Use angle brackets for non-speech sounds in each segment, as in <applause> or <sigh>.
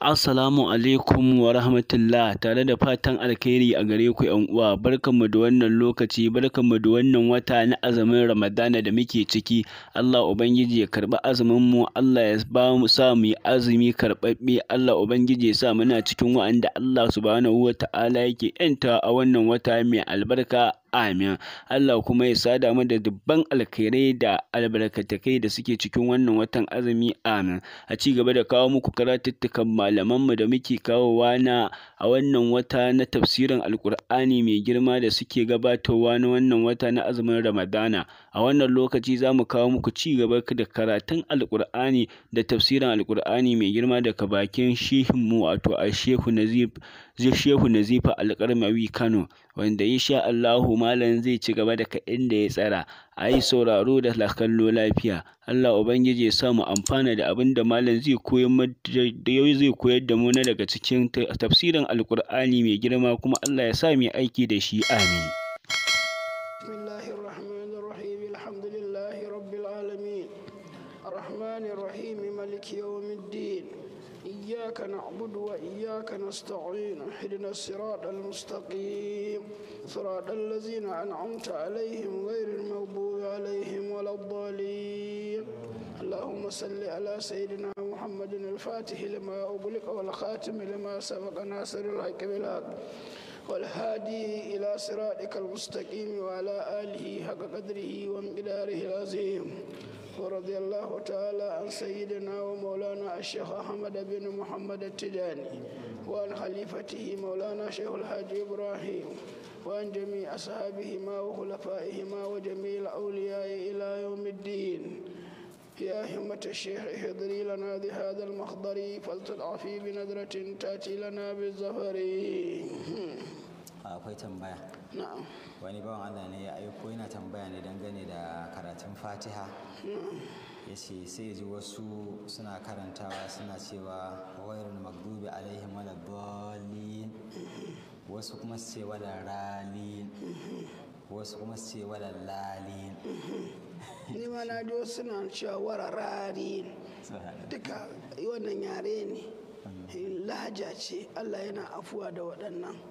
Assalamu alaikum wa rahmatullah tare da fatan alkhairi a gare ku ƴan uwa barkanmu da wannan lokaci barkanmu da wannan wata na azumin Ramadana da muke ciki Allah ubangiji ya karɓi azumin mu Allah ya ba mu sa mu yi azumi karbabbe Allah ubangiji ya sa muna cikin wa'anda Allah subhanahu wata'ala yake yanta a wannan wata mai albarka amin Allah kuma ya sada mu da dubban alkhairai da albarkatakai da suke cikin wannan watan azumi amin a ci gaba da kawo muku karatuttukan mu da muke kawowa na a wannan wata na tafsirin alkur'ani mai girma da suke gabatarwa na wannan wata na azumin ramadana a wannan lokaci za mu kawo muku ci gaba da karatun alkur'ani da tafsirin alkur'ani mai girma daga bakin shehinmu wato a shehu nazib Shehu Nazifa Alƙarmawi Kano, wanda sha Allahu Malam zai ci gaba daga inda ya tsara A yi sauraro da lakallo lafiya. Allah Ubangiji ya sa mu amfana da abin da Malam zai koyar da mu na daga cikin tafsirin Alƙur'ani mai girma kuma Allah ya sa mu aiki da shi. Amin. الرحمن الرحيم مالك يوم الدين إياك نعبد وإياك نستعين اهدنا الصراط المستقيم صراط الذين أنعمت عليهم غير المغضوب عليهم ولا الضالين اللهم صل على سيدنا محمد الفاتح لما أغلق والخاتم لما سبق ناصر الحق بالحق والهادي إلى صراطك المستقيم وعلى آله حق قدره ومقداره العظيم ورضي الله تعالى عن سيدنا ومولانا الشيخ أحمد بن محمد التجاني وعن خليفته مولانا شيخ الحاج إبراهيم وعن جميع أصحابهما وخلفائهما وجميع الأولياء إلى يوم الدين يا همة الشيخ احضري لنا بهذا المخضر فلتضعفي بنذرة تأتي لنا بالظفر. أكويت نعم. wani bawan Allah ne ya aiko yana tambaya ne dangane da karatun fatiha ya ce sai ji wasu suna karantawa suna cewa wayar magdubi alaihim wala dalin wasu kuma su ce wala ralin wasu kuma su ce wala lalin ni ma na ji wasu suna cewa wara ralin duka wannan yare ne lahaja ce Allah yana afuwa da waɗannan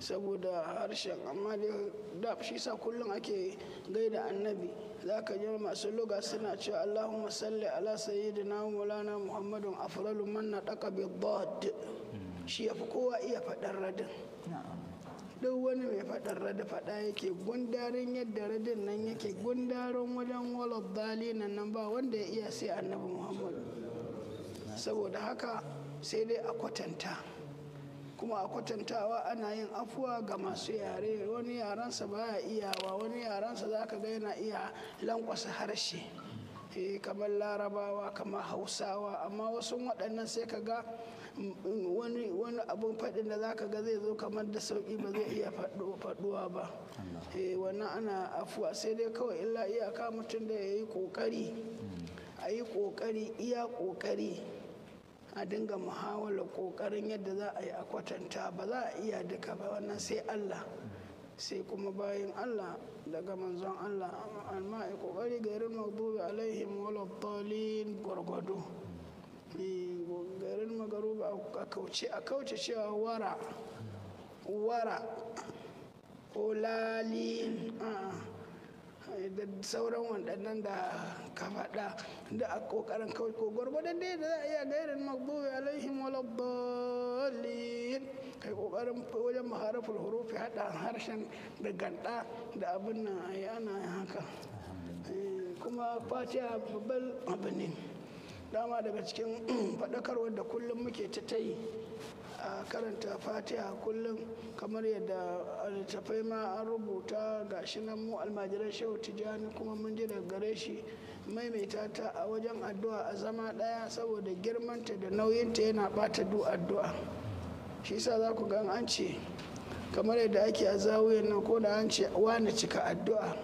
saboda harshen amma da shi sa kullum ake gaida annabi za ka ji masu luga suna cewa allahumma salli ala sayyidina wulana muhammadun afralu manna daka bi shi ya fi kowa iya faɗar radin duk wani mai faɗar radin faɗa yake gundarin yadda radin nan yake gundarin wajen walar nan nan ba wanda ya iya sai annabi muhammadu saboda haka sai dai a kwatanta kuma a kwatantawa ana yin afuwa ga masu yare wani yarensa baya iyawa wani yarensa za ka ga yana iya lankwasa harshe eh, kamar larabawa kamar hausawa amma wasu waɗannan sai ka ga mm, mm, wani abun faɗin da za ka ga zai zo kamar da sauƙi ba zai iya faɗuwa ba eh, wannan ana afuwa sai dai kawai illa iyaka mutum da ya yi ƙoƙari a yi ƙoƙari iya ƙoƙari a dinga muhawala kokarin yadda za a yi a kwatanta ba za a iya duka ba wannan sai Allah sai kuma bayan Allah daga manzon Allah amma a kokari garin magdubi alaihim walattalin gwargwado garin ba a kauce a kauce cewa wara wara ko a'a da sauran waɗannan da ka faɗa da a ƙoƙarin kawai ko gwargwadon dai da za a iya gairin magdubi alaihim waladdallin kai ƙoƙarin wajen maharafin hurufi haɗa harshen da ganda da abin na a haka eh, kuma fatiha babban abu ne dama daga cikin <clears throat> faɗakarwar da kullum muke ta ta yi a karanta fatiha kullum kamar yadda littafai ma an rubuta ga shi nan mu almajiran shehu tijjani kuma mun ji daga gare shi maimaita ta a wajen addu'a a zama ɗaya saboda girmanta da nauyinta yana bata du addu'a shi sa za ku ga an ce kamar yadda ake a zawiyar nan ko da an ce wani cika addu'a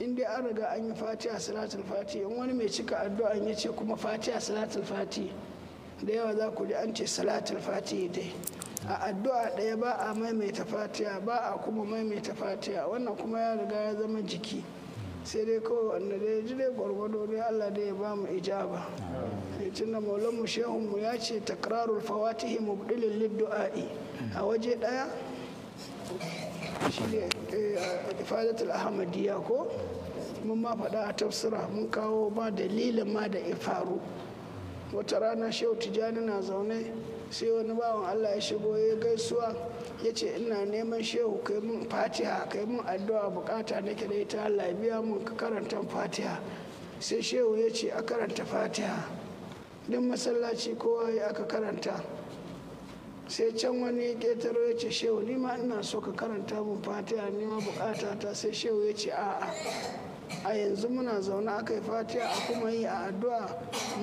in dai an riga an yi fatiha salatul fati in wani mai cika addu'a ya ce kuma fatiha salatul fati da yawa za ku ji an ce salatul fatihi dai a addu'a ɗaya ba a maimaita fatiha ba a kuma maimaita fatiha wannan kuma ya riga ya zama jiki sai dai kawai wanda dai ji dai gwargwado dai Allah dai ya ba mu ijaba tun da maulan mu shehun mu ya ce takrarul fawatihi mubdilin liddu'a'i a waje ɗaya shi ne eh, ifadatul ahmadiyya ko mun ma faɗa a tafsira mun kawo ba dalilin ma da ifaru wata rana shehu tijjani na zaune sai wani bawan allah ya shigo ya gaisuwa ya ce ina neman shehu kai mun fatiha kai mun addu'a bukata nake da ita allah biya mun ka karanta fatiha sai shehu ya ce a karanta fatiha duk masallaci kowa ya aka karanta sai can wani ƙetaro ya ce shehu ma ina so ka karanta mun fatiha nema bukata ta sai shehu ya ce a'a a yanzu muna zaune aka yi fatiha a kuma yi a addu'a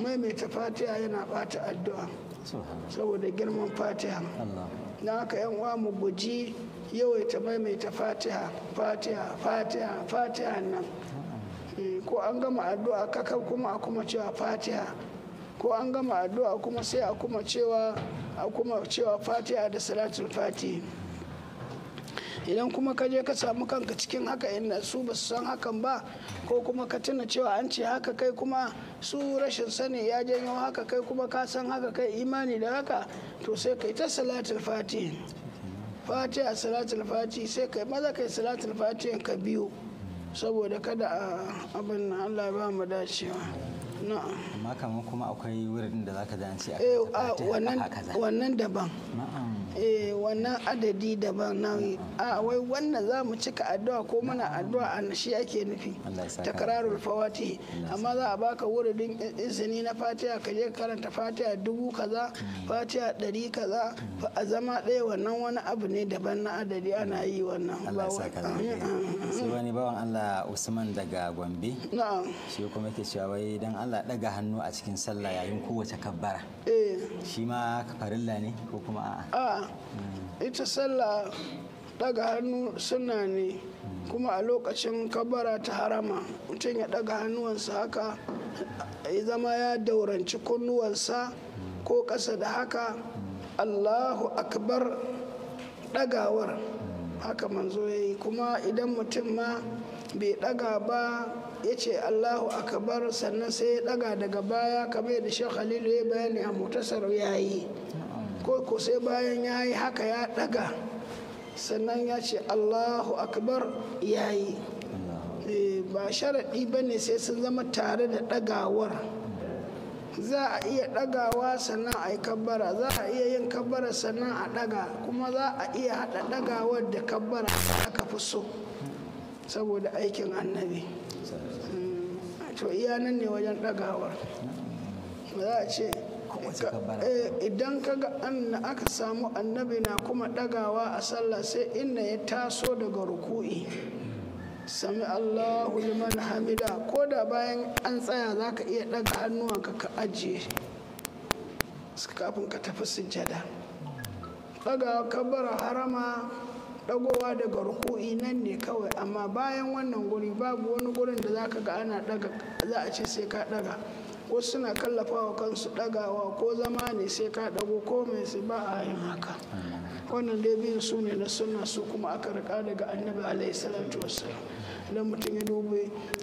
maimaita fatiha yana bata addu'a saboda girman fatiha na aka yan uwa mu guji yawaita maimaita fatiha fatiha fatiha fatiha nan eh, ko an gama addu'a kaka kuma a kuma cewa fatiha ko an gama addu'a kuma sai a kuma cewa a kuma cewa fatiha da salatul fatiha idan kuma ka je ka samu kanka cikin haka inda su ba su san hakan ba ko kuma ka tuna cewa an ce haka kai kuma su rashin sani ya janyo haka kai kuma ka san haka kai imani da haka to sai kai ta salatul fati a salatul fati sai kai maza kai salatul fati ka biyu saboda kada abin Allah ya ba mu dacewa. amma kamar kuma akwai wurin da za ka zance eh, a wannan daban Eh, wannan adadi daban na a wai wannan za mu cika addu'a ko muna addu'a a shi ake nufi takrarul fawati amma za a baka wuridin izini na fatiha ka je karanta fatiha dubu kaza hmm. fatiha dari kaza a zama ɗaya wannan wani abu ne daban na adadi ana yi wannan Allah wani bawan Allah Usman daga Gombe shi kuma yake cewa wai dan Allah daga hannu a cikin sallah yayin kowace kabbara eh. shi ma farilla ne ko kuma a'a ita sallah daga hannu suna ne kuma a lokacin kabara ta harama mutum ya daga hannuwansa haka ya zama ya dauranci kunnuwansa ko ƙasa da haka allahu akbar dagawar haka manzo ya yi kuma idan mutum ma bai daga ba ya ce allahu akbar sannan sai ya daga daga baya kamar da shekhalilu ya bayani a mutasar ya yi ko ko sai bayan ya yi haka ya daga sannan ya ce allahu akbar ya yi eh, ba sharaɗi ba ne sai sun zama tare da ɗagawar za a iya ɗagawa sannan a yi kabbara za a iya yin kabbara sannan a ɗaga kuma za a iya haɗa ɗagawar da kabbara aka fi so saboda aikin annabi hmm, to iya nan ne wajen ɗagawar ba za a ce Eh, idan kaga anna aka samu annabi na kuma dagawa a sallah sai inna ya taso daga ruku'i sami Allahu liman hamida ko da bayan an tsaya za ka iya ɗaga hannuwanka ka ajiye kafin ka tafi sujjada daga kabara harama ɗagowa daga ruku'i nan ne kawai amma bayan wannan guri babu wani gurin da za ka ga ana daga za a ce sai ka ɗaga wasu suna kallafawa kansu dagawa ko zama ne sai ka dago ko mai sai ba a yin haka wannan dai biyun su ne na suna su kuma aka rika daga annabi alaihi salatu wassalam idan mutum ya dubi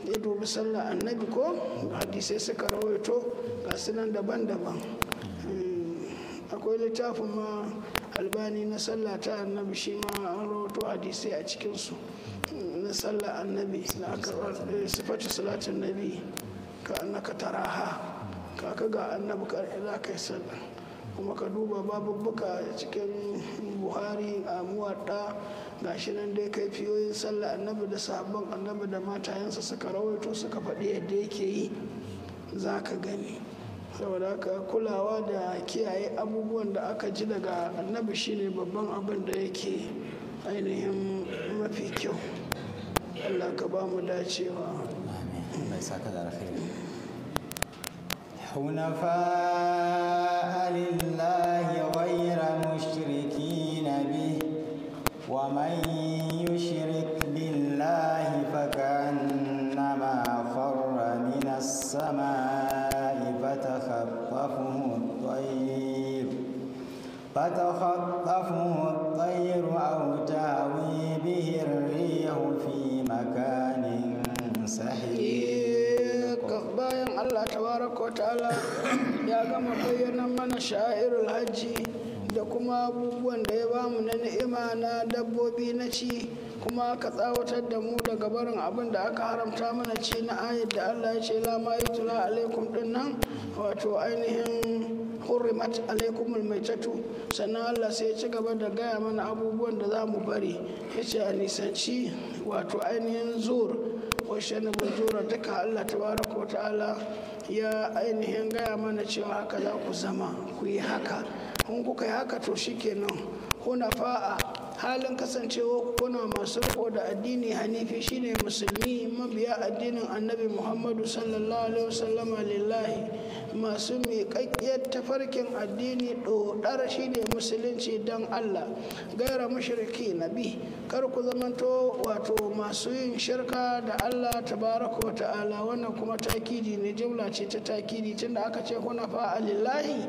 ya dubi sallah annabi ko hadisai suka rawaito ga nan daban-daban hmm, akwai littafin ma albani na sallah ta annabi shi ma an rawaito hadisai a cikinsu hmm, na sallah annabi na aka eh, sifatu salatun nabi ka annaka taraha kaka ga annabi karfi za ka yi sallah kuma ka duba babubuka cikin buhari a muwadda ga shi nan dai kai fiyoyin sallah annabi da sabon annabi da matayensa suka rawaito suka faɗi yadda yake yi za ka gani saboda haka kulawa da kiyaye abubuwan da aka ji daga annabi shine babban abin da yake ainihin mafi kyau allah ka ba mu dacewa حنفاء لله غير مشركين به ومن يشرك بالله فكأنما خر من السماء فتخطفه الطير فتخطفه ta'ala ya gama bayyana mana sha'irul hajji da kuma abubuwan da ya ba mu na ni'ima na dabbobi na ci kuma ka tsawatar da mu daga barin abin da aka haramta mana ci na ayat da Allah ya ce la ma yutla alaikum dinnan wato ainihin hurrimat alaikum almaitatu sannan Allah sai ya ci gaba da gaya mana abubuwan da za mu bari ya ce a nisanci wato ainihin zur washen manzura duka Allah tabaraka wa ta'ala ya ainihin gaya mana cewa haka za ku zama ku yi haka in kuka yi haka to shikenan fa'a. halin kasancewa kuna masu riko da addini hanifi shine musulmi mabiya addinin annabi muhammadu sallallahu alaihi wasallama lillahi masu miƙaƙƙiyar tafarkin addini ɗoɗar shine musulunci don allah gaira mashirki nabi kar ku zamanto wato masu yin shirka da allah tabaraka wa ta'ala wannan kuma takidi ne jimla ce ta takidi tunda aka ce kuna fa'a lillahi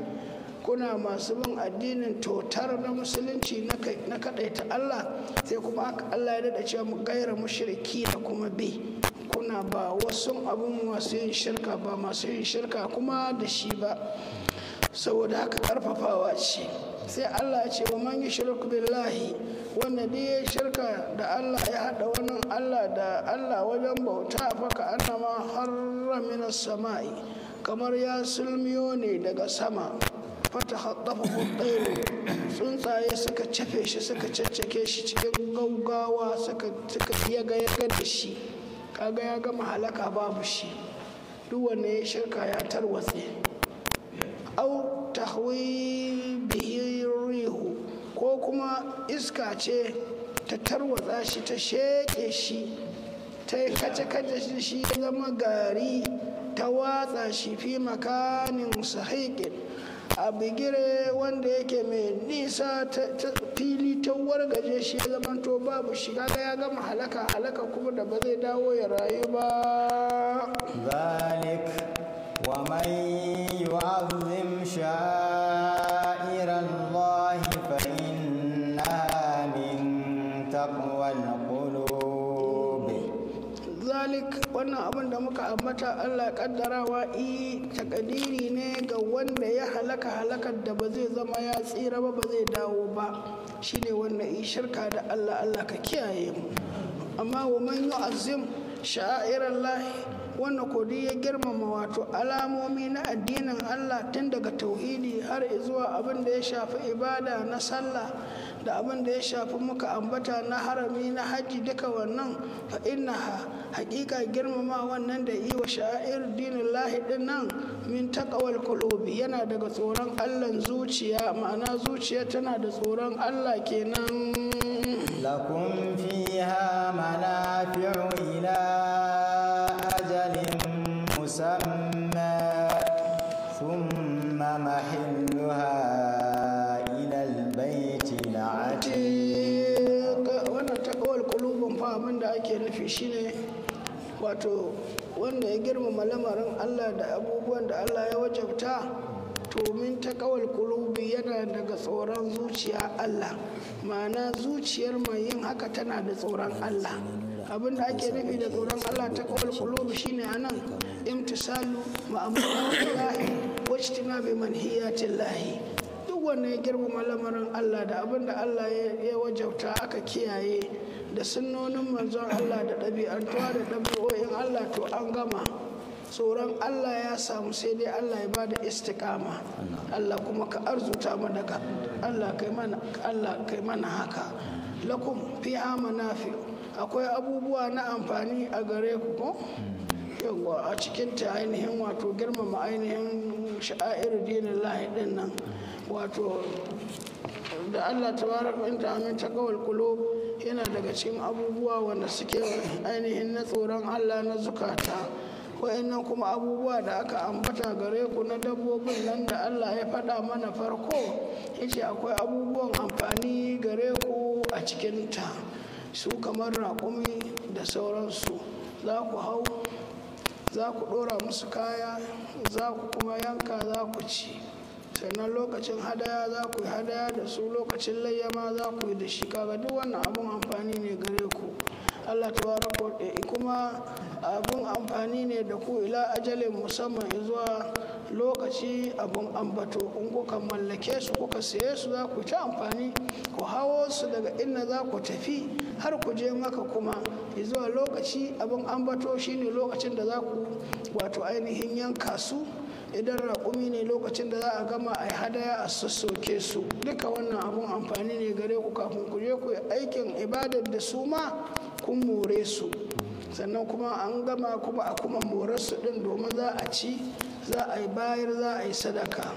kuna masu bin addinin totar na musulunci na kaɗaita Allah sai kuma Allah ya daɗa cewa mu gaira mushriki da kuma bi kuna ba wasu abin masu yin shirka ba masu yin shirka kuma da shi ba saboda haka karfafawa ce sai Allah ya ce wa man yushriku billahi wanda duk ya shirka da Allah ya hada wannan Allah da Allah wajen bauta ka annama harra minas sama'i kamar ya sulmiyo ne daga sama fatahaddafahu tayr tsuntsaye suka cafe shi suka caccake shi cikin gaugawa suka suka yaga yaga da shi kaga ya gama halaka babu shi duk wanne ya shirka ya tarwatse au tahwi bihi ko kuma iska ce ta tarwatsa shi ta sheƙe shi ta yi kace-kace shi ya zama gari ta watsa shi fi makanin sahiƙin a bigire wanda yake mai nisa ta fili ta wargaje shi ya to babu shiga ga ya gama halaka halaka kuma da ba zai dawo ya rayu ba zalik wa man yu'azzim sha'a wannan abin da muka ambata allah kaddarawa i takadiri ne ga wanda ya halaka halakar da ba zai zama ya tsira ba ba zai dawo ba shine wannan i shirka da allah allah ka kiyaye mu amma wa man yu'azzim sha'airar lahi wanda kodi ya girmama wato alamomi na addinin Allah tun daga tauhidi har zuwa abin da ya shafi ibada na sallah da abin da ya shafi muka ambata na harami na haji duka wannan fa ha hakika girmama wannan da yi wa sha'ir dinin lahi din nan min takawal kulubi yana daga tsoron Allah zuciya ma'ana zuciya tana da tsoron allah kenan lakum fiha manafi'u ila مسمى ثم محلها إلى البيت العتيق وانا تقوى القلوب فاهمين دا أكي نفي شيني واتو wanda ya girmama lamarin Allah da abubuwan da Allah ya wajabta domin ta kawal kulubi yana daga tsoron zuciya Allah ma'ana zuciyar mai yin haka tana da tsoron Allah abin da ake nufi da tsoron Allah ta kawal kulubi shine nan. imtisalu ma'amurin lahi wajtina bi manhiyatin lahi duk wannan ya girmama lamarin Allah da abin da Allah ya wajauta aka kiyaye da sunnonin manzon Allah da ɗabi'antuwa da ɗabi'o'in Allah to an gama tsoron Allah ya samu sai dai Allah ya ba da istiƙama Allah kuma ka arzuta mana ka Allah kai mana Allah kai mana haka lakum fi fi akwai abubuwa na amfani a gare ku ko yawwa a cikin ta ainihin wato girmama ainihin sha'air dinin lahi din nan wato da Allah Ta bar ta amin ta kawal yana daga cikin abubuwa wanda suke ainihin na tsoron Allah na zukata wa'annan kuma abubuwa da aka ambata gare ku na dabbobin nan da Allah ya faɗa mana farko yace akwai abubuwan amfani gare ku a ta su kamar raƙumi da sauransu za ku hau za ku ɗora musu kaya za ku kuma yanka za ku ci sannan lokacin hadaya za ku yi hadaya da su lokacin layyama za ku yi da shi kaga duk wannan abun amfani ne gare ku Allah tabaraka eh, kuma abin amfani ne da ku ila ajalin musamman zuwa lokaci abun ambato in kuka mallake su kuka saye su za ku ta amfani ku hawo su daga inna za ku tafi har ku je maka kuma zuwa lokaci abin ambato shine lokacin da za ku wato ainihin yanka su idan raƙumi ne lokacin da za a gama a hadaya a sassoke su duka wannan abun amfani ne gare ku kafin ku je ku yi aikin ibadar da su ma kun more su sannan kuma an gama kuma a kuma more su ɗin domin za a ci za a yi bayar za a yi sadaka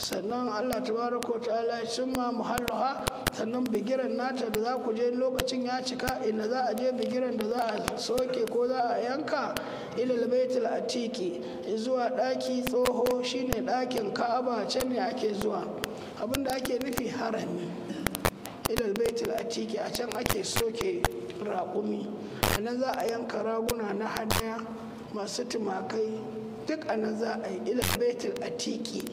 sannan allah tabaraka ta'ala ya cimma muhalluha sannan bigiran nata da za ku je lokacin ya cika Ina za a je bigiran da za a soke ko za a yanka ilal baitul atiki zuwa daki tsoho shine dakin ka'aba can ne ake zuwa abin da ake nufi harami ilal baitul atiki a can ake soke raƙumi a nan za a yanka raguna na hadaya masu tumakai duk a nan za a yi ilal baitul atiki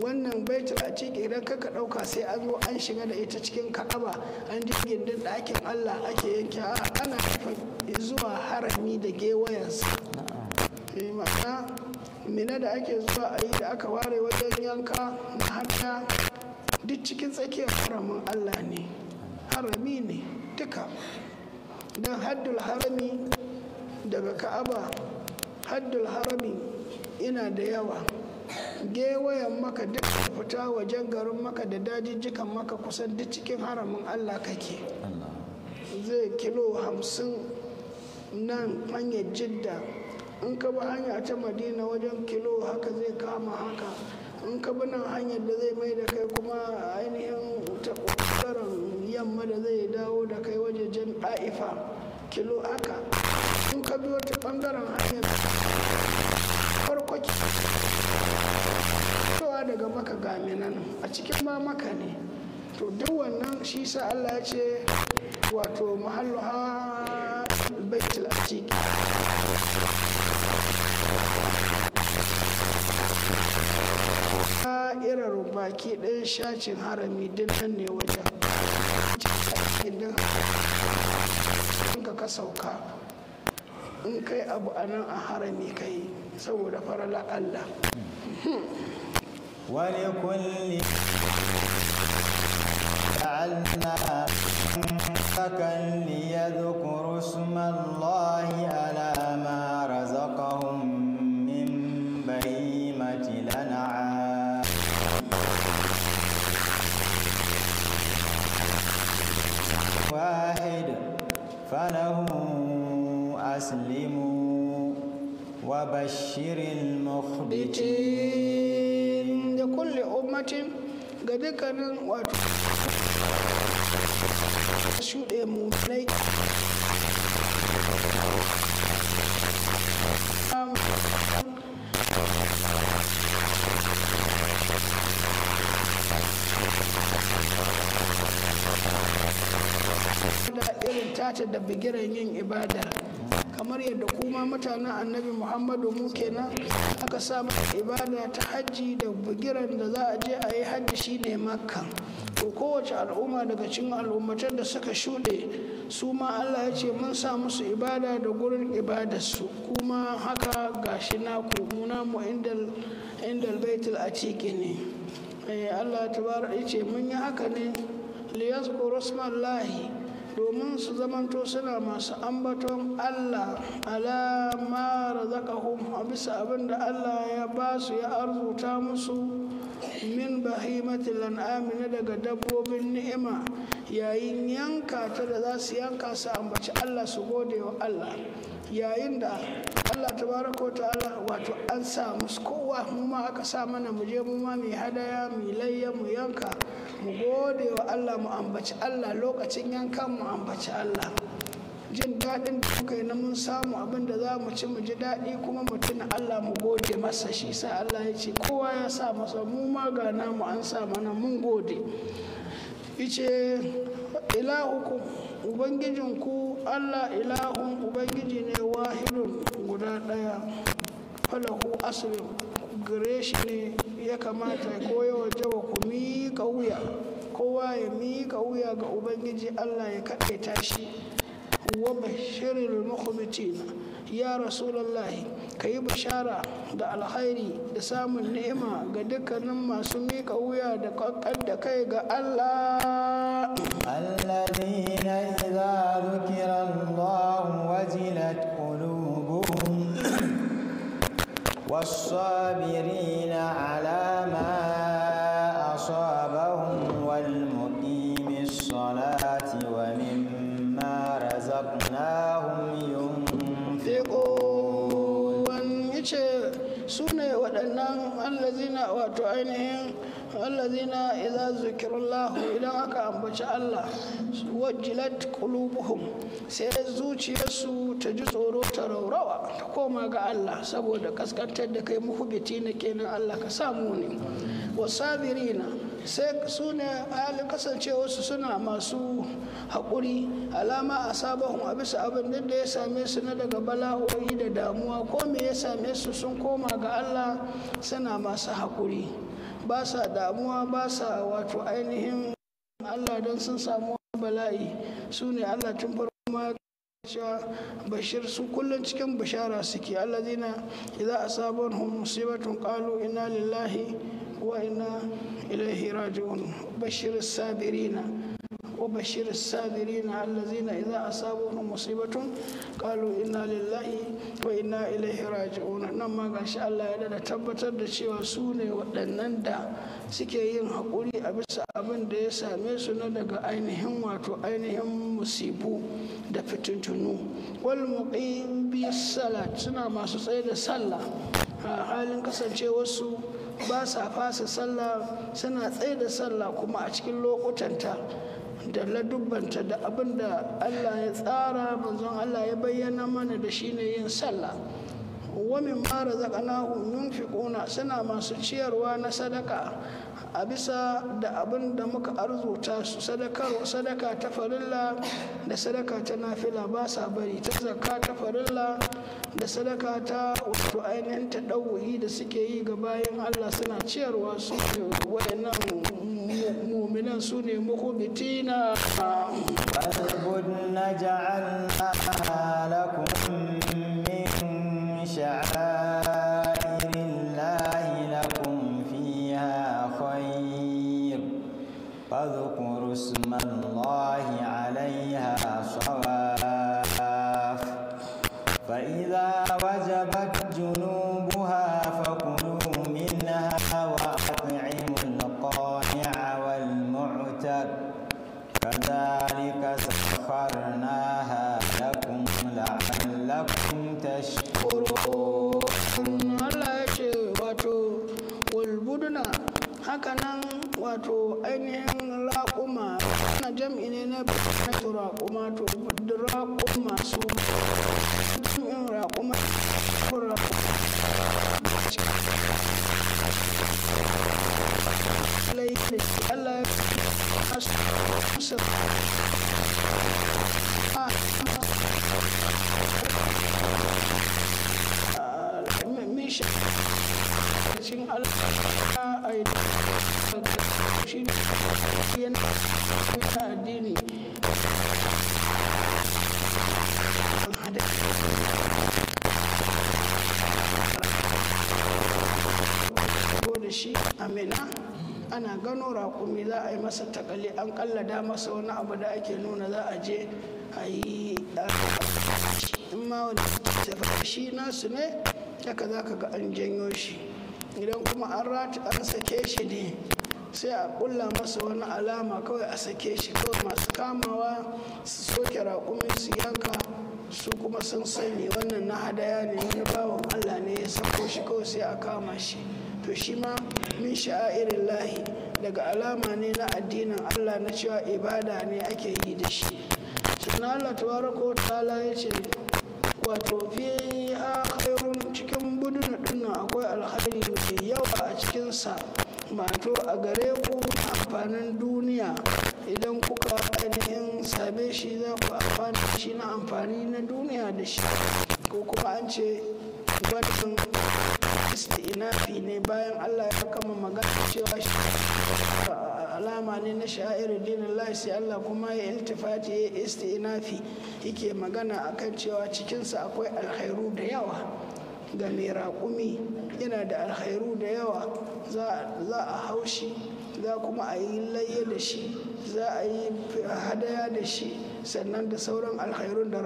wannan baitul ciki idan kaka ɗauka sai an zo an shiga da ita cikin ka'aba an ji gindin ɗakin allah ake yanke ana zuwa harami da gewayensa eh, ma'ana mina da ake zuwa a yi da aka ware wajen yanka na hatta duk cikin tsakiyar haramin allah ne harami ne duka don haddul harami daga ka'aba haddul harami yana da yawa gewayen maka duk fita wajen garin maka da dajijjikan maka kusan duk cikin haramin allah kake zai kilo hamsin nan hanyar jidda in ka bi hanya ta madina wajen kilo haka zai kama haka in ka bi nan hanyar da zai mai da kai kuma ainihin ta yamma da zai dawo da kai wajen ɗa'ifa kilo haka in ka bi wata ɓangaren hanyar farko tahowa daga maka ga nan a cikin ma maka ne to duk wannan shi sa Allah ya ce wato mahallu ha baitul atiq irin baki ɗaya shacin harami din nan ne wajen cikin ka ka sauka in kai abu a nan a harami kai saboda farala Allah ولكل جعلنا منسكا ليذكروا اسم الله على ما رزقهم من بهيمة الأنعام واحد فله أسلموا وبشر المخبتين gwamnatin ga dukkanin wato shuɗe mu nai da irin tata da bigiran yin ibadar kamar yadda kuma mutanen annabi muhammadu mu kenan aka samu ibada ta hajji da bugiran da za a je a yi hajji shi ne makka to kowace al'umma daga cikin al'ummatan da suka shuɗe su ma allah ya ce mun sa musu ibada da gurin ibadarsu kuma haka gashi naku mu inda indal baitul ciki ne eh, allah ta ce mun yi haka ne liyazkuru lahi domin su zamanto suna masu ambaton Allah alama razaqahum a bisa abin da Allah ya ba su ya arzuta musu min bahimati lan'ami na daga dabbobin ni'ima yayin yanka ta da za su yanka su ambaci Allah su gode wa Allah yayin da Allah tabaraka wa ta'ala wato an sa musu kowa mu ma aka sa mana mu je mu ma mu hadaya mu layya mu yanka mu gode wa Allah mu ambaci Allah lokacin yankan mu ambaci Allah jin daɗin da muka yi na mun samu abin da za mu ci mu ji daɗi kuma mu tuna Allah mu gode masa shi sa Allah ya ce kowa ya sa masa mu ma ga namu an sa mana mun gode ice ilahuku ubangijinku Allah ilahun ubangiji ne wahidun guda ɗaya falahu asirin gare shi ne ya kamata ko ya ku miƙa wuya kowa ya miƙa wuya ga ubangiji allah ya kaɗaita shi wa bashirin mahubicin ya rasulallahi ka yi bishara da alkhairi da samun ni'ima ga dukkanin masu miƙa wuya da kwakwar da kai ga Allah Allah wajilat والصابرين على ما أصابهم والمقيم الصلاة ومما رزقناهم ينفقون allazina idza zikirullahu idan aka ambaci Allah wajilat qulubuhum sai zuciyarsu ta ji tsoro ta raurawa ta koma ga Allah saboda kaskantar da kai muhubiti na kenan Allah ka samu ne wasabirina sai su ne kasancewa su suna masu haƙuri alama a sabahun a bisa abin da ya same su na daga bala'o'i da damuwa ko me ya same su sun koma ga Allah suna masu haƙuri ba sa damuwa ba sa wato ainihin Allah don sun samu bala'i su ne Allah tun farko ma bashir su kullum cikin bashara suke allazina idza asabahum musibatun qalu inna lillahi wa inna ilaihi raji'un bashir sabirina وبشر الصابرين الذين إذا أصابوهم مصيبة قالوا إنا لله وإنا إليه راجعون نما قال شاء الله إذا تبتر دشيوا سوني waɗannan da suke yin haƙuri a bisa abin da ya same su na daga ainihin wato ainihin musibu da fitintunu wal muqim bi suna masu tsaye da sallah a halin kasance wasu basa fasa sallah suna tsaye da sallah kuma a cikin lokutanta da ladubbanta da abin da Allah ya tsara manzon Allah ya bayyana mana da shi ne yin sallah wamin mara zaƙanahu yunfiquna suna masu ciyarwa na sadaka a bisa da abin da muka arzuta su sadaka ta farilla da sadaka ta nafila ba sa bari ta zakka ta farilla da sadaka ta wato ainihin ta da suke yi ga bayan Allah suna ciyarwa su wayannan muminan su ne mukubitina. Fasbun na ja'alna lakum da masa wani abu da ake nuna za a je a yi in ma wani shi nasu ne haka za ka ga an janyo shi idan kuma an rata an sake shi ne sai a kulla masa wani alama kawai a sake shi kawai masu kamawa su soke raƙumin su yanka su kuma sun sani wannan na hadaya ne wani bawan allah ne ya sako shi kawai sai a kama shi to shi ma min irin lahi daga alama ne na addinin Allah na cewa ibada ne ake yi da shi sannan Allah tabaraka wa ta ya ce wato fi a khairun cikin budun dinnan akwai alkhairi mai yawa a cikinsa mato a gare ku amfanin duniya idan kuka ainihin same shi za ku amfani shi na amfani na duniya da shi ko kuma an ce wannan istinafi ne bayan Allah ya kama magana cewa shi alama ne na sha'ir din Allah sai Allah kuma ya iltifati ya istinafi yake magana akan cewa cikinsa akwai alkhairu da yawa ga mai raƙumi yana da alkhairu da yawa za a haushi za kuma a yi layya da shi za a yi hadaya da shi sannan da sauran alkhairun da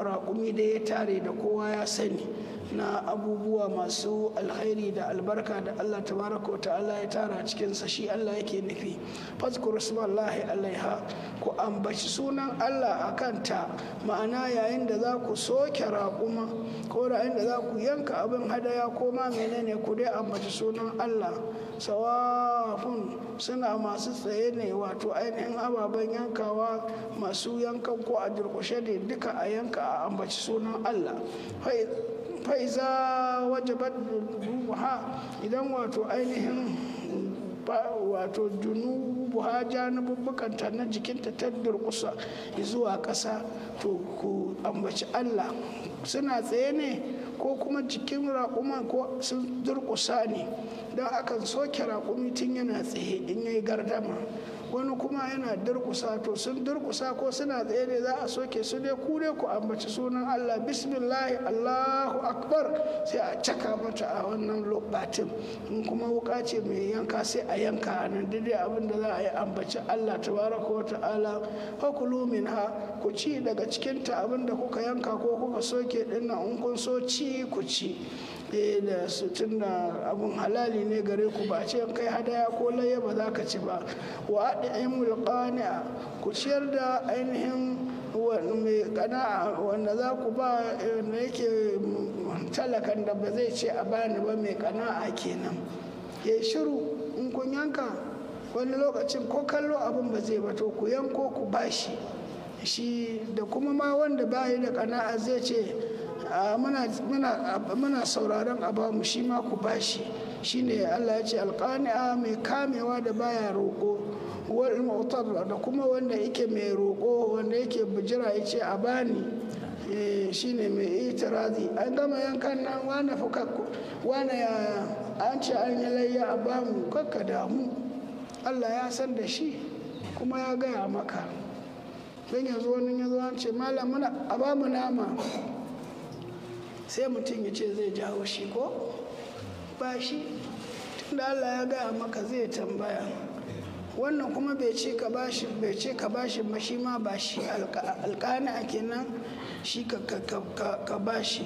raƙumi da ya tare da kowa ya sani na abubuwa masu alkhairi da albarka da Allah tabaraka wa ta'ala ya tara cikin sa shi Allah yake nufi fazkur smallahi alaiha ku ambaci sunan Allah akan ta ma'ana yayin da za ku soke raƙuma ko da yayin da za ku yanka abin hadaya ko ma menene ku dai ambaci sunan Allah sawafun suna masu tsaye ne wato ainihin ababen yankawa masu yankan ko a durƙushe ne duka a yanka a ambaci sunan Allah faiza wajabat junubuha idan wato ainihin wato junubuha janububbukanta na jikinta ta durkusa zuwa ƙasa to ku ambaci allah suna tsaye ne ko kuma jikin raƙuma ko sun durkusa ne don akan soke raƙumi tun yana tsaye in yayi gardama wani kuma yana durkusa to sun durkusa ko suna tsaye ne za a soke su ne ku ne ku ambaci sunan Allah bismillahi Allahu akbar sai a caka mata a wannan lokacin in kuma wuka ce mai yanka sai a yanka a nan daidai abin da za a yi ambaci Allah tabaraka wa ta'ala hakulu minha ku ci daga cikinta abin da kuka yanka ko kuka soke dinnan in kun so ci ku ci eh da su tunda abun halali ne gare ku ba ce kai hadaya ko layya ba za ka ci ba wa ad'imul ku ciyar da ainihin mai ƙana'a wanda za ku ba na eh, yake mm, talakan da ba zai ce a bani ba mai ƙana'a kenan ya shiru in kun yanka wani lokacin ko kallo abin ba zai ba to ku yanko ku bashi shi da kuma ma wanda bayi da ƙana'a zai ce muna sauraron a bamu shi ma ku bashi shine Allah ya ce alƙani'a mai kamewa da baya roƙo da kuma wanda yake mai roƙo wanda yake bujira ya ce a bani eh, shine mai itirazi an gama yankan nan wane fukakku wane ya an ce an yi layya a bamu kakka damu Allah ya san da shi kuma ya gaya maka don yanzu wani yanzu an ce malam muna a bamu nama sai mutum ya ce zai jawo shi ko ba shi da Allah ya gaya maka zai tambaya wannan kuma bai ce ka bashi bai ce ka bashi ba shi ma ba shi a kenan shi ka bashi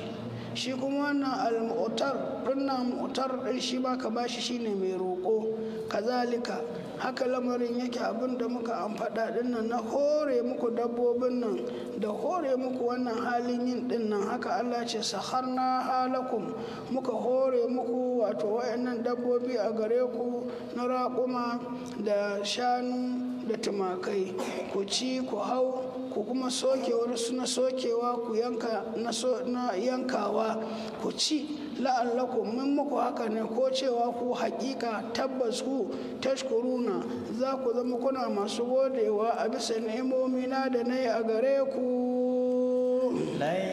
shi kuma wannan al-mu'tar dinnan mu'tar din shi ba ka bashi shine mai roƙo kazalika haka lamarin yake abin da muka an faɗa dinnan na hore muku dabbobin nan da hore muku wannan halin yin dinnan haka Allah ce saharna halakum muka hore muku wato wayannan dabbobi a gare ku na raƙuma da shanu da tumakai ku ci ku hau ku kuma soke wani na sokewa ku yanka na yankawa ku ci la'allakum min muku haka ne ko cewa ku hakika tabbas ku tashkuruna za ku zama kuna masu godewa a bisa ni'imomina da na yi a gare ku lan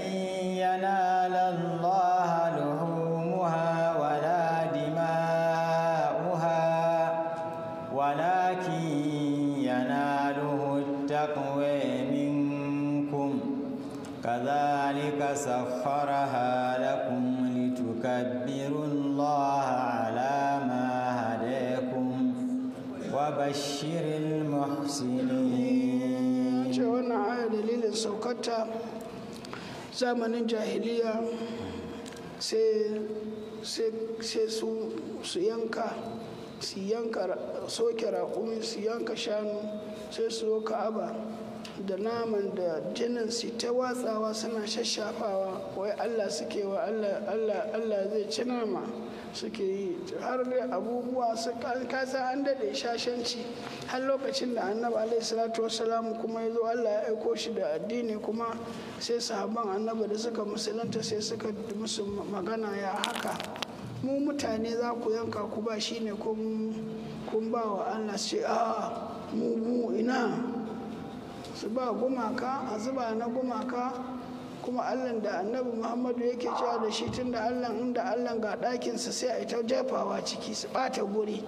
saukarta zamanin jahiliya sai su su yanka su yanka soke raƙumi su yanka shanu sai su ka'aba da naman da jinin su ta watsawa suna shashafawa wai allah suke wa allah zai ci nama suke yi har abubuwa su kasa an daɗe shashanci har lokacin da annabi alaihi salatu wasalam kuma ya zo allah ya aiko shi da addini kuma sai sahaban annabi da suka musulunta sai suka musu magana ya haka mu mutane za ku yanka ku ba shi ne kun ba wa allah sai a mu ina su ba gumaka a zuba na gumaka kuma allan da annabi muhammadu yake cewa da shi tun da allan inda allan ga dakinsa sai a ita jefawa ciki su bata guri